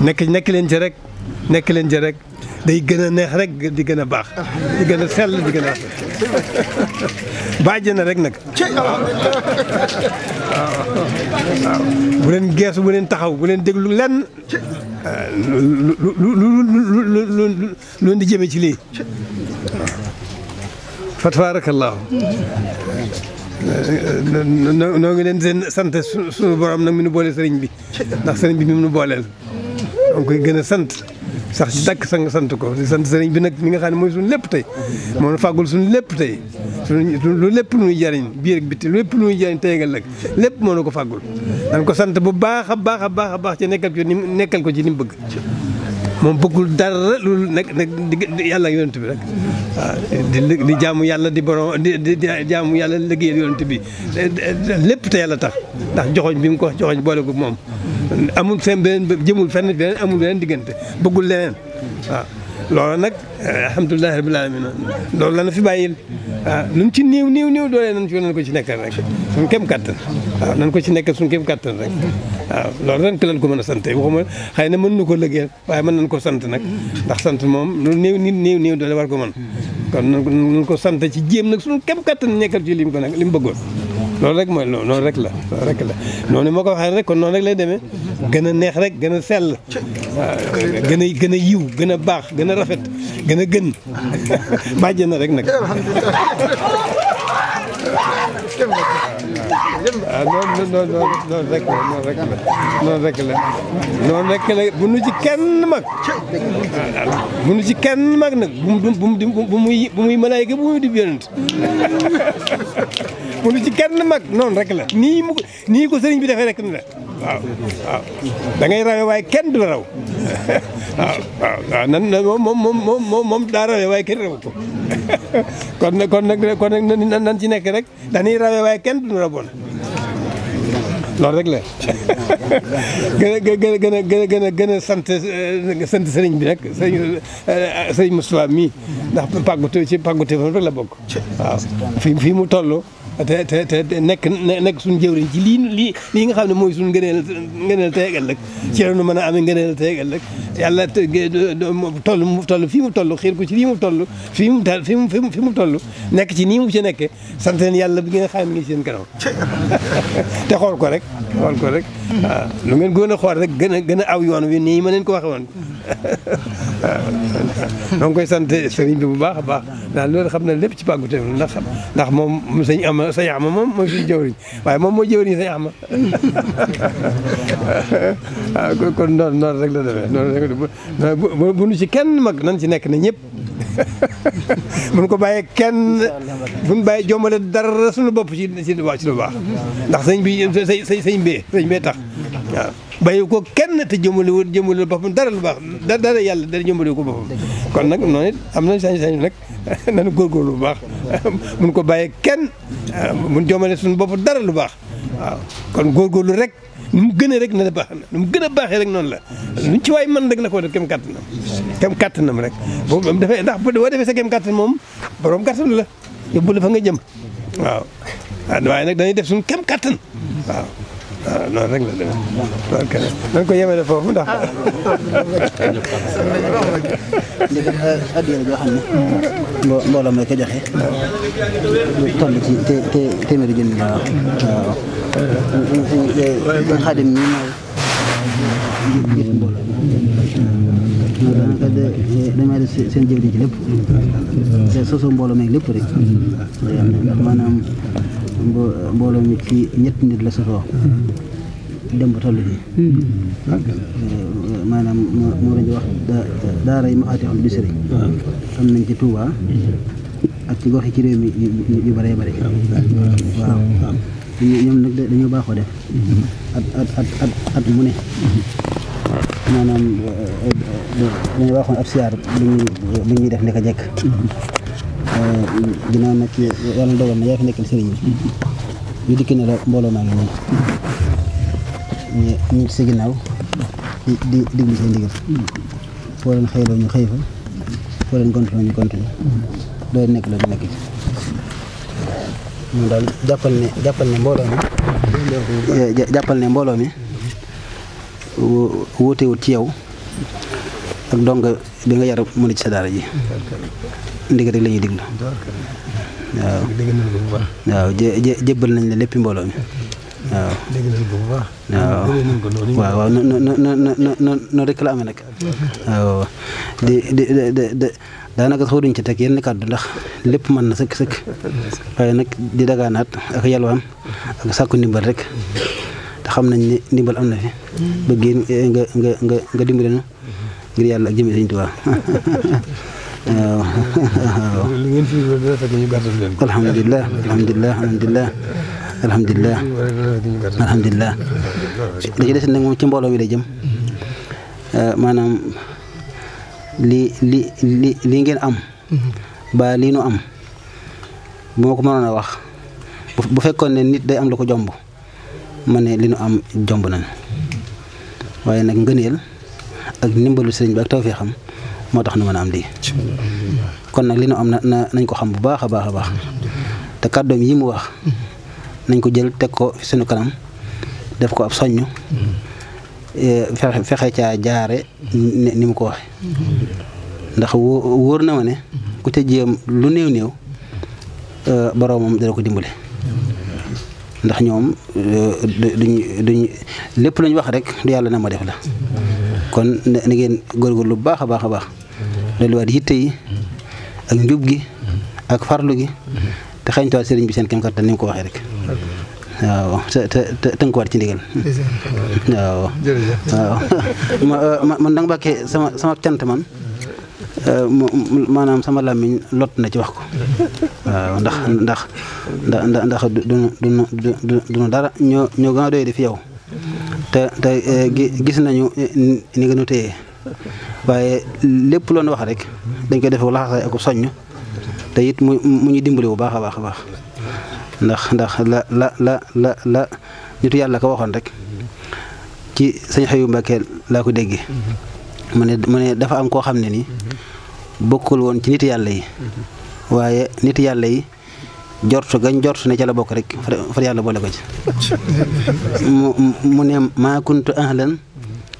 nekk nekk leen ci rek nekk leen ci rek day gën a neex rek di gën a baax di gën a sell di gën a bàjj na rek nag waaw waaw bu leen geesu bu leen taxaw bu leen déglu lenn lu lu lu lu di jëme ci lii fa tabaarakallaahu noo ngi leen seen sant suñu borom nag mu nu boole sëriñ bi ndax sëriñ bi mi nu booleel donc ko gën a sant sax si dakk sang sant ko di sant sëriñ bi nag mi nga xam ne mooy suñu lépp tey moo fàggul suñu lépp tey suñu lu lépp lu ñuy jariñ biir ak lépp lu ñuy jariñ tey nga nag lépp moo na ko fàggul dañ ko sant bu baax a baax a baax a baax ci nekkal ko ci ni nekkal ko ci ni mu bëgg moom bëggul dara loolu nag nag yàlla ak bi rek waaw ah, di jaamu yàlla di borom di di jaamu yàlla liggéeyal yonent bi lépp te yàlla tax ndax joxoñ bi mu ko joxoñ boole ko moom amul fen beneen jëmul fenn beneen amul beneen diggante bëggul leneen waaw loolu nag eh, alhamdulilah rabil aalamiina loolu la na fi bàyyil waaw ah, lu mu ci néew néew néew doole nañ ci nañ ko ci nekkal rek suñ kem kattan waaw nañ ko ci nekkal suñ kem kattan rek waaw loolu ren ki lañ ko mën a sant waxuma xëy na mën na ko lëggeel waaye mën nañ ko sant nag ndax sant moom lu néew nit néew néew doole war ko mën kon nañ ko sant ci jéem nag suñu kem kattan nekkal ci lim ko nag li mu bëggoon loolu rek mooy noonu rek la loolu la noonu moo ko waxee rek kon noonu rek lay demee gën a neex rek gën a sell waaw gën a gën a yiw gën a baax gën a rafet gën a gën bàjje na rek nag ah noonu noonu noonu rek la noonu rek la bu nu ci kenn mag. Ah, bu nu ci kenn mag nag bu mu bu mu bu muy muy malaayika bu muy di yonent bu ci kenn mag noonu rek la nii mu nii ko sëriñ bi defee rek ni la waaw waaw da ngay rawe waaye kenn du la raw waaw moom moom moom moom daa rawe waaye kenn rawu ko kon nag kon nag kon nag nan ci nekk rek dañuy rawe waaye kenn du la rawoon loolu rek la gën a gën a gën a gën a gën a gën a sant eh, sant sëriñ bi nag sëriñ eh, sëriñ Moustapha mii ndax pàggatu ci pàggatu rek la bokk waaw fii fii mu toll te te te nekk nekk suñu jëwriñ ci lii lii lii nga xam ne mooy suñu ngëneel ngëneel teegal rek ci nu mën a amee ngëneel teegal rek yàlla toll mu toll fii mu toll xiir ko ci lii mu toll fii mu fi mu fi mu toll nekk ci nii mu ci nekkee sant leen bi ngeen xam ne ngi seen kanam te xool ko rek xool ko rek waaw ngeen gën a xool rek gën a gën aw yoon wi nii ma neen ko waxee woon waaw koy sant sëriñ bi bu baax a baax ndax loolu xam na lépp ci pàggu teewlu ndax ndax moom sëñ ama sëñ Axma moom mooy suñu jëwriñ waaye moom mooy jëwriñ sëñ Axma waaw ah, kon noonu noonu rek la demee noonu rek bu bu ci kenn mag nan ci nekk na ñëpp mun ko bàyyee kenn buñ bàyyee jombale dara suñu bopp ci ci lu baax ndax sëñ bi sëñ sëñ tax bàyyi ko kenn te jëmale wut jëmale boppam dara lu baax dara yàlla dara jëmale ko boppam kon nag noonu it am nañ sañ-sañ nag nañu góorgóorlu bu baax mun ko bàyyee kenn ah, mun jomale suñu bopp dara lu baax waaw kon góorgóorlu rek nu mu gën rek na la baax nu mu gën a baaxee rek noonu la lu ci waay man rek na ko def kem kàttanam kem kàttanam rek boobu dafay ndax boo defee sa kem kàttan moom borom kàttan la yóbbu la fa nga jëm waaw ah, waaye nag dañuy def suñu kem kattan waaw waaw ah, noonu ah. rek la ko yemale foofu ndax. xam ne. mbo mbooloo mooy ko joxe. lu toll ci maanaam. mbo mbooloo mi ci ñetti nit la sosoo démb toll bi hmm. maanaam moo la ñu wax daara yi ma atixul bisri am nañ ci Touba ak ci gox yi ci réew mi yu bëree bëri waaw ñoom nag dañoo baaxoo def at at at mu ne maanaam eh, eh, dañoo baaxoon ab siyaar bi ñuy def nekk jekk ginnaaw nag yàlla dogal na yaa fi nekkal sëriñ bi ñu dikk ne la mbooloo maa ngi nii ñu ñu si ginnaaw di di diglu say ndigal foo leen xëyloo ñu xëy fa foo leen gontloo ñu doo nekk la ñu nekk ci ñun daal jàppal ne jàppal ne mbooloo mi jàppal ne mbooloo mi ci yow ak donga bi nga yar mën a ci sa daara ji ndigal rek la ñuy diglu waaw waaw jé jébbal nañ la lépp mbooloo mi waaw waaw waaw no no no no no rek la amee nag waaw di di di daanaka sax duñ ci teg yenn kàddu ndax lépp mën na sëkk sëkk waaye nag di dagaanaat ak yalwaan ak sàkku ndimbal rek te xam nañ ne ndimbal am na fi bëgg eh, nga nga nga nga dimbali ngir yàlla ak jëmee Sëñ Tuubaa waaw li ngeen fi alhamdulilah alhamdulilah alhamdulilah alhamdulilah ci des nag moom ci mbooloo mi lay jëm eh, maanaam li li li li ngeen am ba lii nu am bu ma ko mënoon a wax bu fekkoon ne nit day am lu ko jomb mën ne li nu am jomb nañ waaye nag ngëneel ak ndimbalu sëriñ bi ak xam moo tax na mën a am lii kon nag li nu am na nañ ko xam bu baax a baax a baax te kàddoom yi mu wax nañ ko jël teg ko suñu kanam def ko ab soññ fexe fexe caa jaare ni mu ko waxe ndax wóor na ma ne ku ca jéem lu néew néew e, boroomam dana ko dimbale ndax ñoom e, duñ duñ lépp lu wax rek du yàlla na ma def la kon na ngeen góorgóorlu bu baax a baax a baax delluwaat yitte yi ak njub gi ak farlu gi te xañtuwaat sëriñ bi seen kem kattan ni mu ko waxee rek waaw te te tënkuwaat ci ndigal waaw waaw man da nga bàkkee sama sama cant man euh, maanaam sama làmmiñ lot na ci wax ko waaw ndax ndax ndax ndax du du dara ñoo ñoo gën a doy di fi te te eh, gis nañu eh, ni nga nu téye waaye lépp loon wax rek dañ koy defee laxasaay ak soññ te it mu mu ñuy dimbali bu baax a baax a baax ndax ndax la la la la la nitu yàlla ko waxoon rek ci sëñ Xayu Mbàkke laa ko déggee mu ne mu ne dafa am koo xam ne nii bokkul woon ci nit yàlla yi waaye nit yàlla yi. jortu gañ jortu ne ca la bokk rek far yàlla boole ko ci mu ne maa kuntu ahlan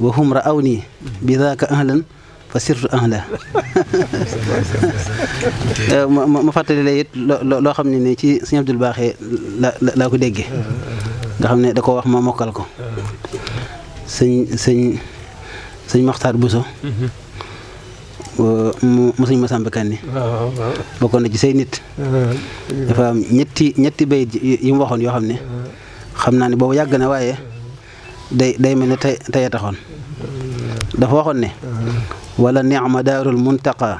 wa hum ra aw nii bi daaka ahlan fa sirtu ahla eh, ma fàttali la it loo xam ne ni ci sëñ Abdul Baaxee la laa ko déggee nga xam ne da ko wax ma mokkal ko sëñ sëñ sëñ Maxtaar Buso mu sëñ Masamba Kanni bokkoon na ci say nit dafa ñetti ñetti bay waxoon yoo xam ne xam naa ne boobu yàgg na waaye day day mel ne tey tey taxoon dafa waxoon ne wala ni'ma daarul muntaqa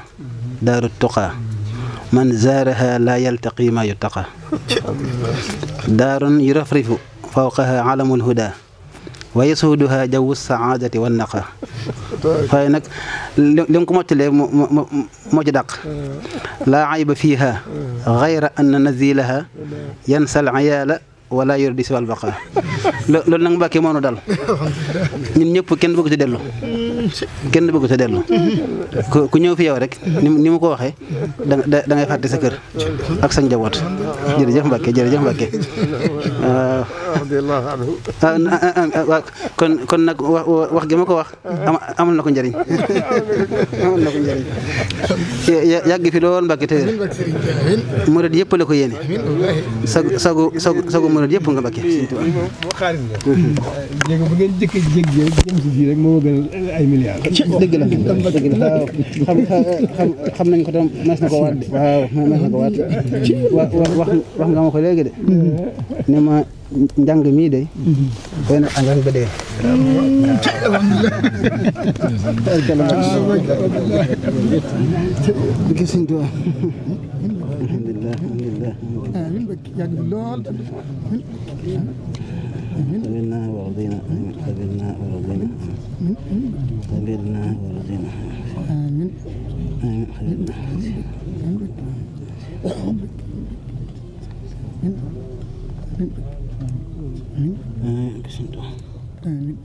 daaru tuqa man zaaraha laa yaltaqi ma yuttaqa daarun yurafrifu fawqaha alamul huda wa yasuuduha jawu saadati wannaqa waaye nag li nga ko mottalee moo moo moo ci dàq laa ayba fiiha gayra anna nazilaha yansal ayaala wala yurdi siwal baqa loolu nag Mbàkke moo nu dal ñun ñëpp kenn bëgg ci dellu kenn bëgg ci ku ñëw fi yow rek ni mu ko waxee da da ngay fàtte sa kër ak sa njaboot jërëjëf Mbàkke jërëjëf ah, ah, ah, kon nag wax gi ma ko wax amal na ko njëriñ amal na ko njëriñ yàgg fi lool Mbàkke te murid yëpp la ko yéene sagu sagu sagu murid yëpp nga Mbàkke xaalis la. léegi bu ngeen jëkkee jéggi rek jëm si ji rek moo gën ay milliards. dëgg la dëgg la waaw xam xam xam nañ ko tam mas na ko waat de. waaw mas na ko waat wax wax nga ma ko léegi de. ne ma njàng mii de. xëy na engrais ba dee. alhamdulilah. alhamdulilah. قبلنا ورضينا قبلنا ورضينا قبلنا ورضينا آمين آمين قبلنا آمين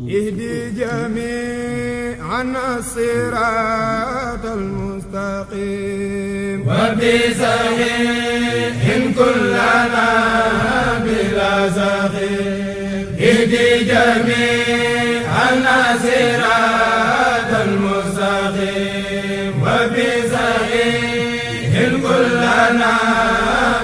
اهدي جميعا الصراط المستقيم وبسعيهم كلنا البرزخ اهدي جميع الناس صراط المستقيم وبسعيه كلنا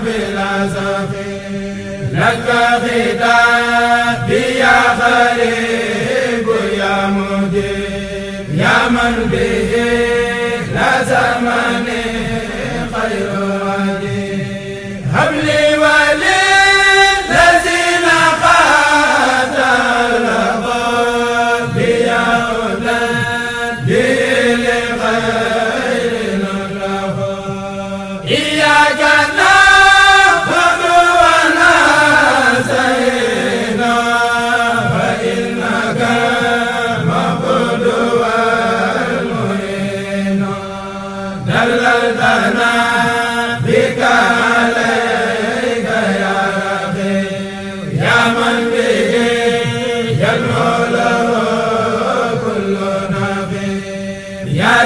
بلا سخيم لك خطابي يا خليق يا مجيب يا من به لا زمن yaa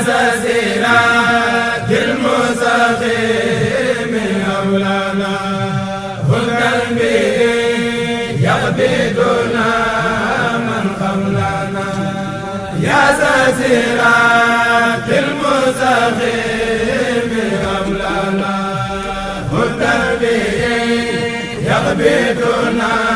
sa sera بيتنا